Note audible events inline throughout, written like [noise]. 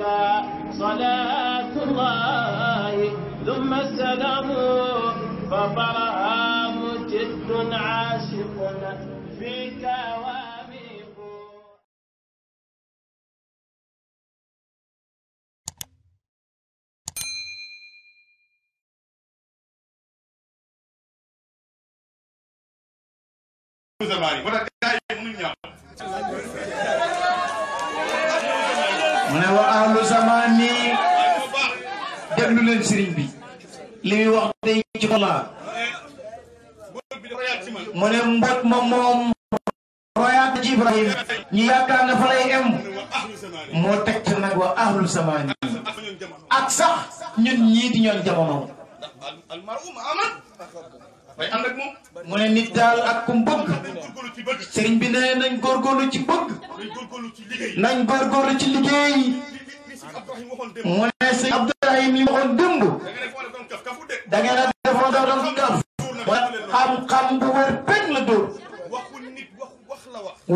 عليك صلاة الله ثم السلام فبرهام جد عاشق فيك واميق زماني wa ahlu zamani déglu leen sëriñ bi li muy wax day ci xola mu ne mbot ma moom royaat ci Ibrahim ñu yaakaar na fa em moo teg ci nag wa ahlu zamani ak sax ñun ñii di ñoon jamono bay ànd ak moom. mu ne nit daal ak kum bëgg. sëriñ bi nee nañ góorgóorlu ci bëgg. nañ góorgóorlu ci liggéey. mu ne sëriñ Abdourahim li waxoon démb. da ngeen a defoon da doon kaf. xam-xam bu wér pegg la dóor.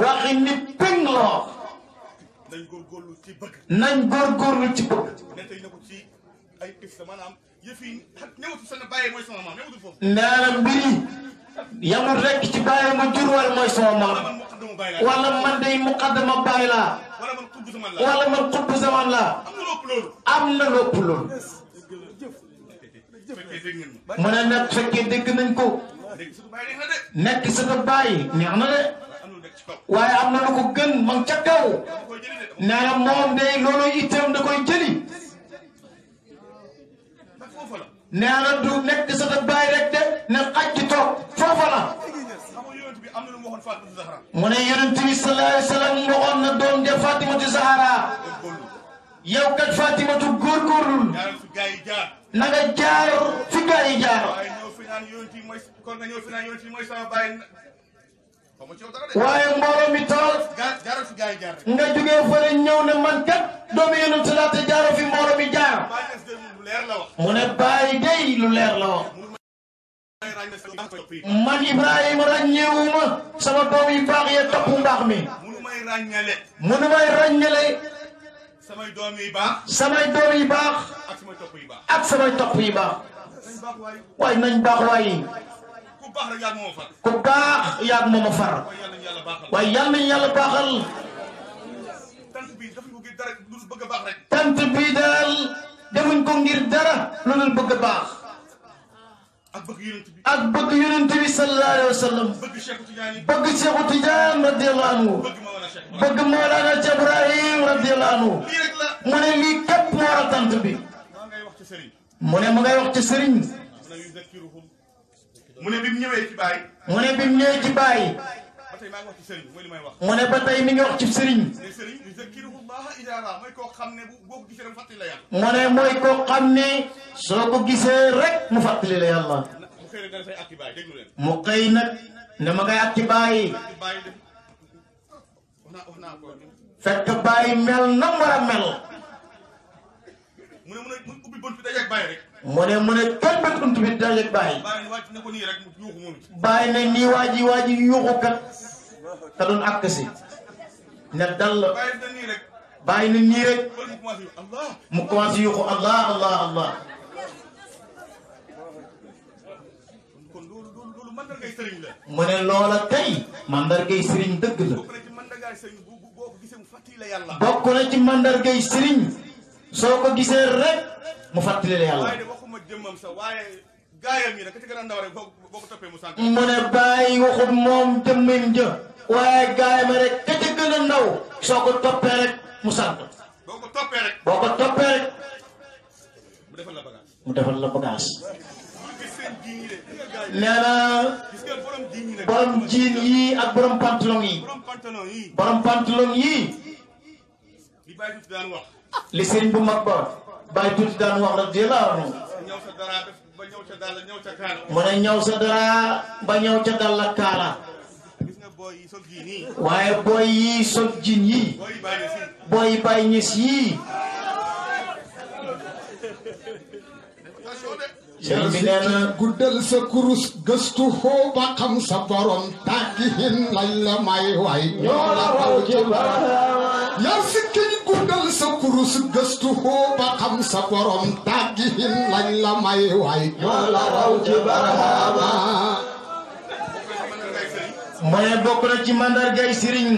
waxi nit pegg la wax. nañ góorgóorlu ci bëgg. ay piste la maanaam yëf yi ñëwatul sa ne bàyyi mooy sama maam ñëwatul foofu. nee na mbir yi yamul rek ci bàyyi ma jur wala mooy sama maam. wala man day muqaddama bàyyi laa. wala man xutbu zaman laa. am na lépp loolu. mu ne nag fekkee dégg nañ ko. nekk sa ko bàyyi neex na de. waaye am na lu gën man ca kaw. nee na moom day loolu itam da koy jëli. nee na du nekk sa ta bàyyi rek de ne xaj ci toog foofa la. mu ne yonent bi sallallahu alayhi wa sallam waxoon na doom de Fatimatu Zahara yow kat Fatimatu góorgóorlul na nga jaar fi gaa yi jaar. waaye mbooloo mi tool nga jógee fële ñëw ne man kat doomu yonent laa te jaaroo fi mbooloo mi jaar mu ne bàyyi day lu leer la wax man Ibrahima ràññeewuma sama doom yu baax ya topp mbaax mi munu may ràññale samay doom yi baax ak samay topp yi baax waaye nañ baax waaye ku baax yaag moom a far waaye yal nañu yàlla baaxal tant bii daal defuñ ko ngir dara lu dul bëgg a baax ak bëgg yonent bi sallallahu alayhi wa sallam bëgg Cheikhu Tidiane radiyallahu anhu bëgg Mawlana Cheikh Ibrahim radiyallahu anhu mu ne lii képp moo war a tant bi mu ne ma ngay wax ci sëriñ mu ne bi mu ñëwee ci baay. mu ne bi mu ñëwee ci baay. mu ne ba tey mi ngi wax ci sëriñ. mu ne mooy koo xam ne soo ko gisee rek mu fàttali la yàlla. mu xëy nag ne ma ngay ak ci baay. fekk baay mel na mu war a mel. mu ne mu ubbi bunt bi dajeeg baay rek. mu ne mu ne kenn bët unt bi dajeeg bàyyi. bàyyi ne nii waa ji waa ji yuuxu kat te doon àkk si ne dal la bàyyi ne nii rek mu commencé yuuxu allah allah allah. mu ne loola tey mandargay sëriñ dëgg la bokk na ci mandargay sëriñ. soo ko gisee rek mu fàttali la yàlla. mu ne bàyyi waxut moom jëmmim jë waaye gaayam rek ka ca gën a ndaw soo ko toppee rek mu sant. boo ko toppee rek boo ko toppee rek mu defal la bagage mu defal la bagage. nee na borom jiin yii ak borom pantalon yi borom pantalon yii. li bàyyi daan wax. li bu mag ba bàyyi tuuti daan wax radiyallaahu anhu mu ne ñëw sa dara ba ñëw ca dal la waaye booy yi sol jin booy yi bàyyi yii sëriñ bi guddal sa kurus gëstu xoo ba xam sa borom tàggihin lañ may waay ñoo la raw ci bara sa kurus gëstu xoo ba sa borom tàggihin lañ la may waay ñoo raw ci barahama mu bokk na ci mandargay sëriñ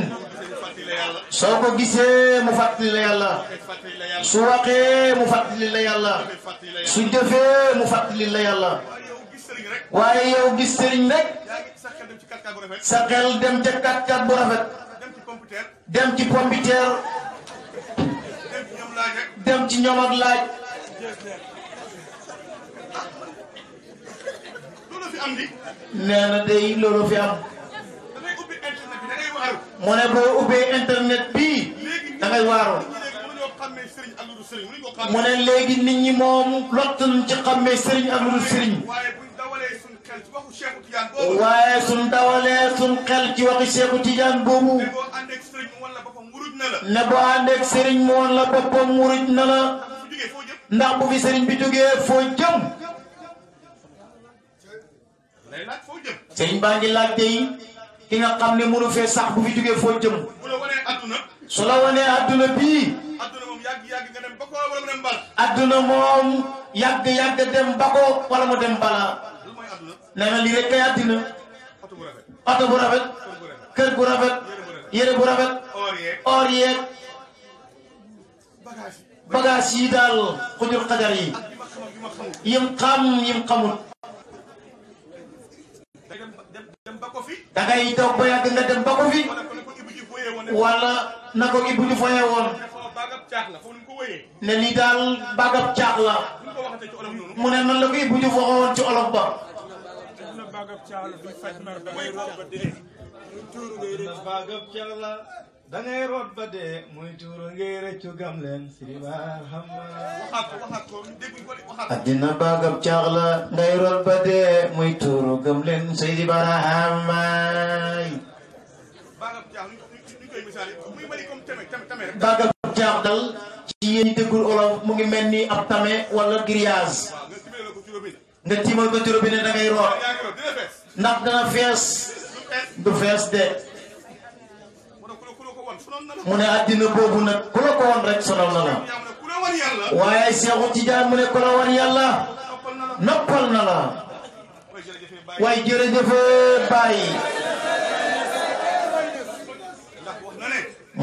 soo ko gisee mu fàttali la yàlla su waxee mu fàttali la yàlla su jëfee mu fàttali la yàlla waaye yow gis sëriñ rek sa xel dem dem ci ñoom ak laaj. nee na day loolu fi am. mu ne boo ubbee internet bi da ngay waaroo. mu ne léegi nit ñi moom lottan ci xàmmee sëriñ ak lu dul waaye suñ dawalee suñ xel ci waxi Cheikh Tidiane boobu. ne boo àndee ak sëriñ mu woon la boppam muruj na la ndax bu fi sëriñ bi jógee foo jëm sëriñ baa ngi laajte yi ki nga xam ne mënu fee sax bu fi jógee foo jëm su la wanee adduna bii adduna moom yàgg yàgg dem ba ko wala mu dem balaa nee na rek kay addina oto bu rafet kër gu rafet yére bu rafet or yeeg bagage yi daal xujur xajar yi yim xam yim xamul da ngay toog ba yàgg nga dem ba ko fi wala na ko ibu ñu foyee woon ne lii daal bagab caax la mu ne nan la ko ibu ñu foxoon ci olof ba bas ba gëpp ci Yàlla dangay caax dal ci yéen déggul olof mu ngi mel ni ab tame wala grillage nga tiimal ko ci robinet dangay root ndax dana fees du fees de mu ne àddina boobu nag ku ko woon rek sonal na la Seexu Tijaan mu ne ku la war yàlla noppal na la waaye jërëjëf Baye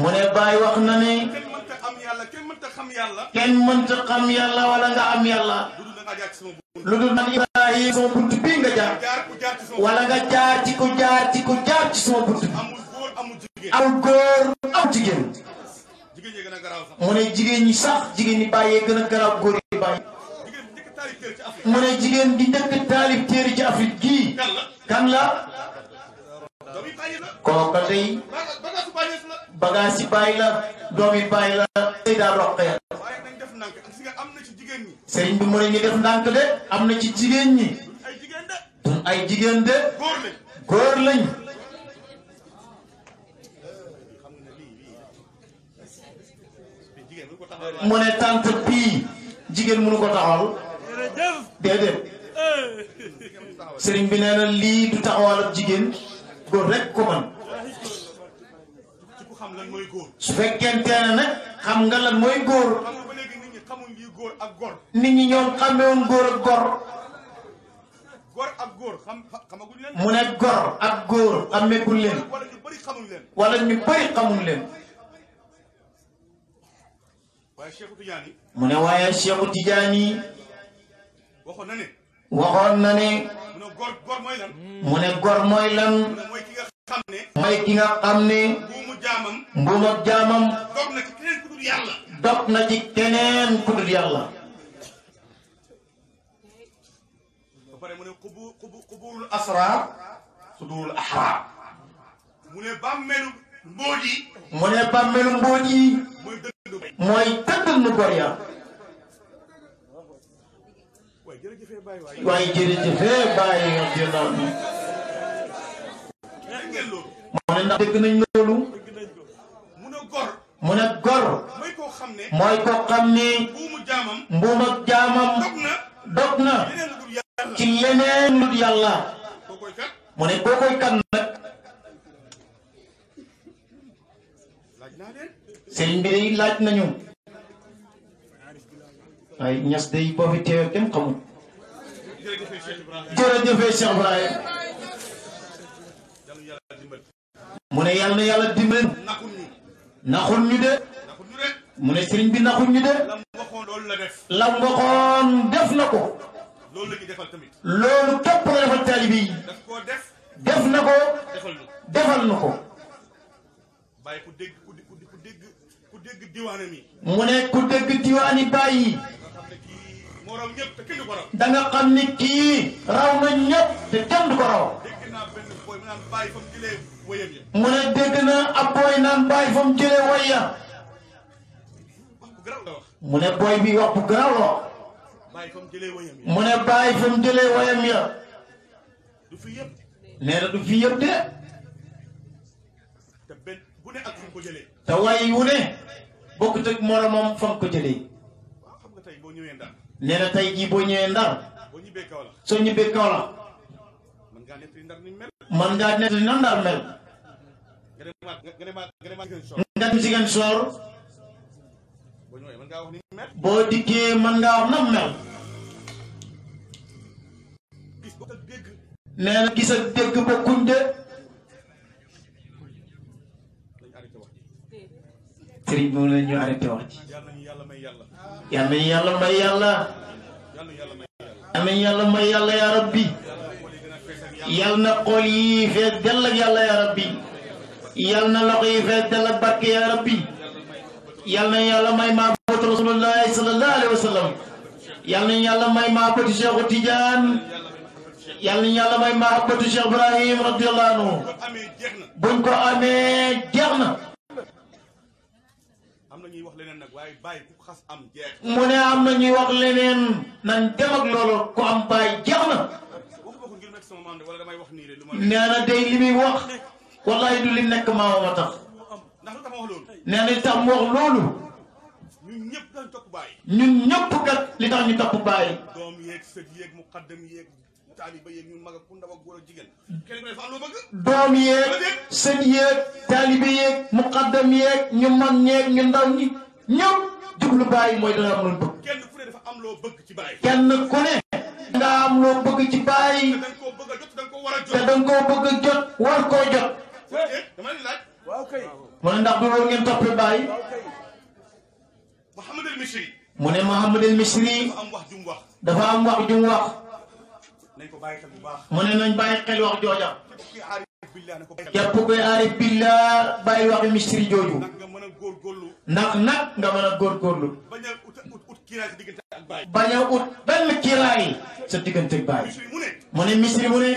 mu ne Baye wax na ne kenn mënta xam yàlla wala nga am yàlla lu dul man Ibrahima sama bunt bii nga jaar wala nga jaar ci ku jaar ci ku jaar ci sama bunt bi amul góor amul jigéen mu ne jigéen ñi sax jigéen ñi bàyyee gën a garaaw góor yi bàyyi mu ne jigéen di njëkk taalib téere ci Afrique gii kan la kooka tey bagaas yi la doom yi bàyyi la tey daa roqee sëriñ bi mooy ñu def ndànk de am na ci jigéen ñi duñ ay jigéen de góor lañ mu ne tant pii jigéen mënu ko taxawal déedéet eh. sëriñ bi nee na lii du taxawal jigéen góor rek ko man su fekkente ne nag nga lan mooy góor góor ak góor. nit ñi ñoom xamewoon góor ak góor. góor ak góor mu ne góor ak góor xamegul leen. wala ñu bëri xamuñ leen. wala ñu leen. mu ne waaye Cheikh Tidiane. waxoon na ne. waxoon na mu ne góor góor mooy ki nga xam ne. mooy ki nga dog na ci keneen ku dul yàlla ba pare mu ne xubu xubu xuburul mu ne bàmmeelu mbóot yi mu ne bàmmeelu mbóot nu góor ya waaye jërëjëfee bàyyi nga jëlaat bi mu ne ndax dégg nañ loolu mu ne gor mooy ko xam ni mbuum jaamam dog na ci leneen lut yàlla ne kookoy kan nag sëriñ bi day laaj nañu waaye ñas day boo fi teewee kenn xamul jërëjëfee Cheikh Ibrahim mu ne yàlla na yàlla dimbali naxul ñu de mu ne sëriñ bi naxul ñu de lam waxoon def na ko loolu képp la defal taalibe yi def na ko defal na ko mu ne ku dégg diwaani bàyyi da nga xam ni kii raw na ñëpp te kenn du ko raw mu ne dégg na ab booy naan bàyyi fa mu jëlee waya mu ne booy bi wax bu garaaw la mu ne bàyyi fa mu jëlee wayam ya nee na du fi yëpp de te way wu ne bokkut ak moromam fa mu ko jëlee nee na tey jii boo ñëwee ndar soo ñibbee kaw la man ngaa nettali na ndar mel nga dem Ziguinchor boo dikkee mën ngaa wax nam mel nee na gis ak dégg de sëriñ bi yàlla may yàlla yal nañu yàlla may yàlla yaa rabbi yal na xool yi fees dell yaa rabbi yal na loxo yi fees dal ak barke yaa rabbi yal na yàlla may maabatu rasulullahi sallallahu alayhi wa sallam yal na yàlla may maabatu cheikhu Tidiane yal na yàlla may maabatu cheikh Ibrahim radiyallahu anhu buñ ko amee jeex na. mu ne am na ñuy wax leneen nan dem ak loolu ku am baay jeex na. nee na day li wax. [laughs] wallaay du li nekk maama ma tax nee na li tax mu wax loolu ñun ñëpp dañ topp bàyyi. ñun ñëpp kat li tax ñu topp bàyyi. doom yeeg sët yeeg muqaddam yeeg taaliba yeeg ñun mag ak ku ndaw ak jigéen. kenn ku ne dafa am loo bëgg. doom yeeg sët yeeg taaliba yeeg muqaddam yeeg ñu mag ñeeg ñu ndaw ñi ñëw jublu bàyyi mooy dana am lu bëgg. kenn ku dafa am loo bëgg ci bàyyi. kenn ku ne. nga am loo bëgg ci bàyyi. te da koo bëgg a jot war koo jot. war koo jot. dama ni laaj mu ne ndax du loolu ngeen toppee bàyyi Muhammad al Misri mu ne Muhammad al Misri dafa am wax jum wax mu ne nañ bàyyi xel wax jooja képp koy aarif billah bàyyi waxi Misri jooju ndax nag nga mën a góorgóorlu bañ a ut benn kiiraay sa digganteeg baay mu ne misri mu ne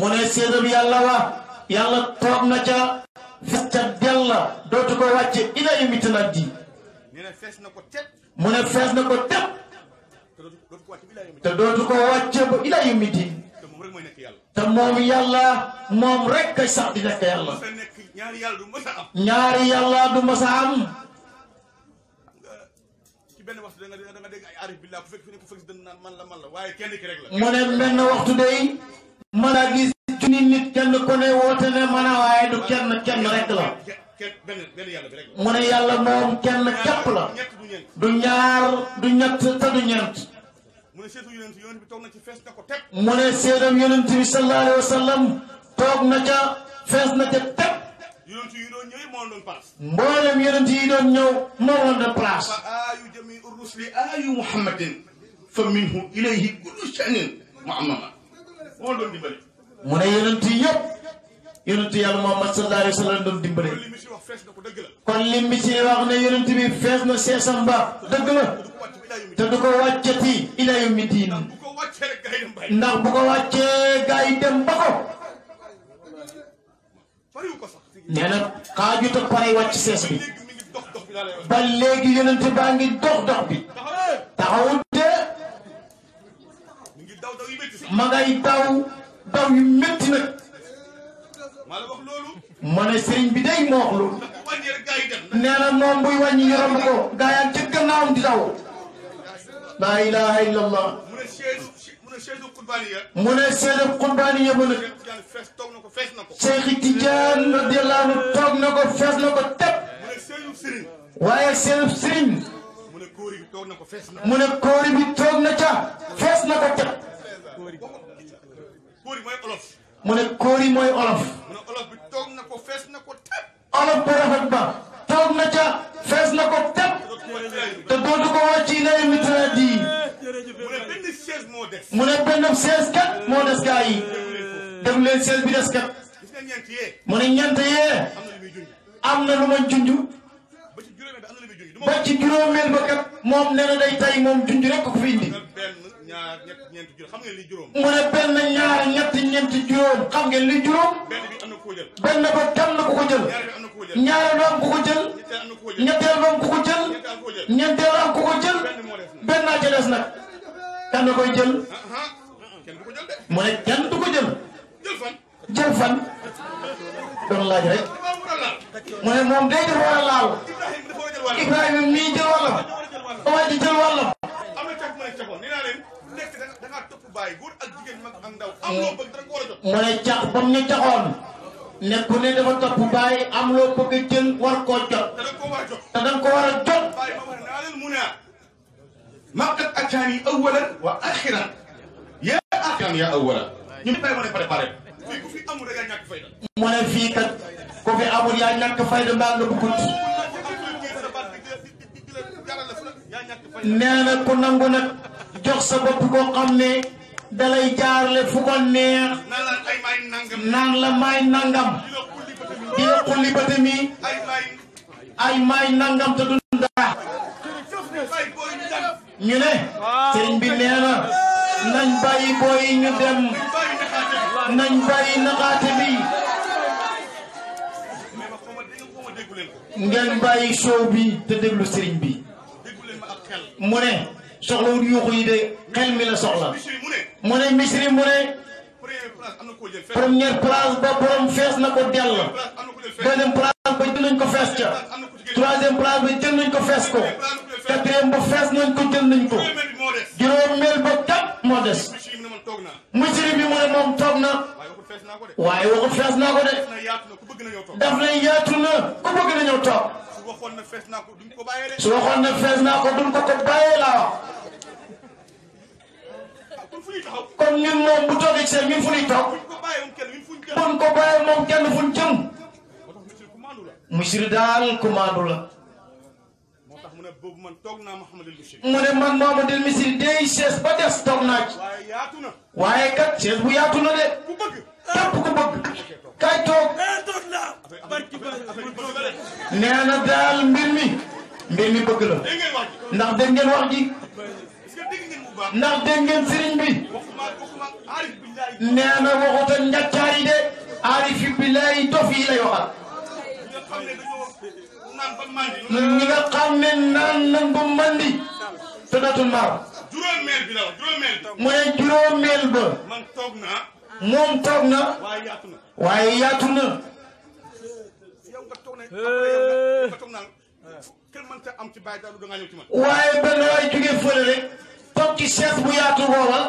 mu ne séedab yàlla wa yàlla toog na ca fes ca della dootu ko wàcce ila imita na di mu ne fees na ko teb te dootu ko wàcce ba ila imiti te moom yàlla moom rek kay sax di nekk yàlla ñaari yàlla du mas a am benn waxtu da nga da nga dégg ay arif billah ku fekk fi ne ku fekk si dënn naan man la man la waaye kenn ki rek la. mu ne benn waxtu day ma gis junni kenn ku ne woote ne man a waaye du kenn kenn rek la. mu ne yàlla moom kenn képp la. du ñaar du ñett te du ñeent. mu ne seetu yonent yonent bi toog na ci fees na ko teg. mu ne seetam yonent bi sallallahu alayhi wa toog na ca fees na ca teg. yonent yi doon ñëw moo doon place. mboolem yonent yi doon ñëw moo doon de place. fa aayu jami rusli aayu muhammadin fa minhu ilayhi kullu shanin muhammama moo doon dimbale. mu ne yonent yi yëpp yonent yàlla Muhammad sallallahu alayhi wa sallam doon dimbale. kon li mi si wax fees na ko dëgg la. kon li mi si wax ne yonent bi fees na seesam ba dëgg la te du ko wàccati ila yawmi diin ndax bu ko wàccee gaa yi dem ba ko. nee na xaajut ak pare wàcc sees bi ba léegi yonente baa ngi dox dox bi taxawut de ma ngay daw daw yu métti nag ma ne sëriñ bi day moo wax loolu nee na moom buy wàññi yorom ko gaa yaa ci gannaawam di daw laa ilaha illallah mu ne Seydou Koulibaly mu ne Seydou Koulibaly mu ne. Cheikh Tidiane radiyallahu anhu toog na ko fees na ko tëb. waaye Seydou Serigne. mu ne kóori bi toog na ko fees na ca fees na ko tëb. mu ne kóori mooy olof. olof bi toog na ko fees na ko tëb. olof bu rafet ba. taw na ca fees na ko tëb te dootu ko wàcc ci lay mitraat yi mu ne benn sees kat moo des gaa yi def leen sees bi des kat mu ne ñent yee am na lu ma junj ba ci juróomeel ba kat moom nee le day tay moom junj rek ko fi indi. ñaar ñett ñeent juróom xam ngeen li juróom. mu ne benn ñaar ñett ñeent juróom xam ngeen li juróom. benn bi am na ko jël. benn ba tam na ku ko jël. ñaar bi am na ko jël. ñaar bi am ku ko jël. ñetteel ba am ku ko jël. ñeenteel am ku ko jël. benn naa nag. kan la koy jël. Ah, ah. mu ne kenn du ko jël. jël fan. jël fan. doon laaj rek. mu ne moom day dafa war a laal. Ibrahima mii jël wàllam. waaye di jël wàllam. mu ne cax ba mu ñu caxoon ne ku ne dafa topp bàyyi am loo bëgg a jël war ko jot te danga ko war a jot maqat ataani awalan wa axiran yaa axiran yaa awalan ñu bàyyi ma ne préparé fii ku fi amul da nga ñàkk fayda mu ne fii kat ku fi amul yaa ñàkk fayda mbaa nga bëggut nee na ku nangu nag jox sa bopp koo xam ne dalay jaarle fu ko neex naan la maay nangam di la xulli bata mi ay maay nangam te du dara ñu ne sëriñ bi nee na nañ bàyyi booy dem nañ bàyyi naxaate bi ngeen bàyyi show bi te déglu sëriñ bi mu ne soxlawul yuuxu yi de xel mi la soxla mu ne misri mu ne première place ba borom fees na ko dell deuxième place ba jël nañ ko fees ca troisième place ba jël nañ ko fees ko quatrième ba fees nañ ko jël nañ ko juróomeel ba kat moo des misri bi mu ne moom toog na waaye waxut fees naa ko de daf na yaatu na ku bëgg na ñëw toog su waxoon na fees naa ko duñ ko ko bàyyee la wax kon ñun moom bu toogee seen ñun fu ñuy toog buñ ko bàyyee moom kenn fuñ jëm monsieur daal commande la mu ne man Mamadou Missirah dey chaise ba des toog naa ci waaye kat chaise bu yaatu na de képp ku bëgg kay toog nee na daal mbir mi mbir mi bëgg la ndax dégg ngeen wax ji ndax dégg ngeen sëriñ bi nee na waxut a njàccaar yi de aarif yi billaay dof yi a waxal ñi nga xam ne naan nan ba mandi te dootul maar mu ne juróomeel ba moom toog na waaye yaatu na waaye benn waay jógee fële rek toog ci chef bu yaatu booba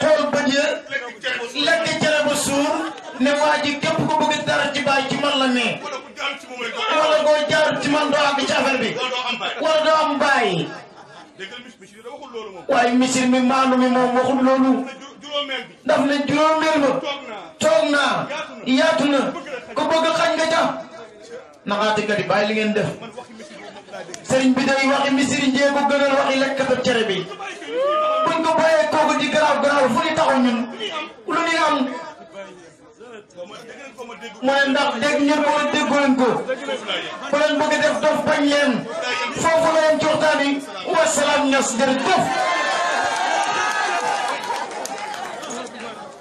xool ba jë lekk cere ba suur ne waa ji képp ko bëgg dara ci bàyyi ci man la ne wala koo jaar ci man doo àgg ci affaire bi wala doo am bàyyi waaye misir mi maanu mi moom waxul loolu ndax ne juróomeel ba toog naa yaatu na ku bëgg xañ nga a naxaatikat yi bàyyi li ngeen def sëriñ bi i waxi misiri njee ko gënal waxi lekkatu cere bi buñ ko bàyyee kooku ji garaaw garaaw fu ñu taxaw ñun lu ñuy am mu ne ndax dégg ngeen ko wala déggu leen ko ku leen bëgg def dof bañ leen foofu la yem ci waxtaan yi wasalaam ñas jërëjëf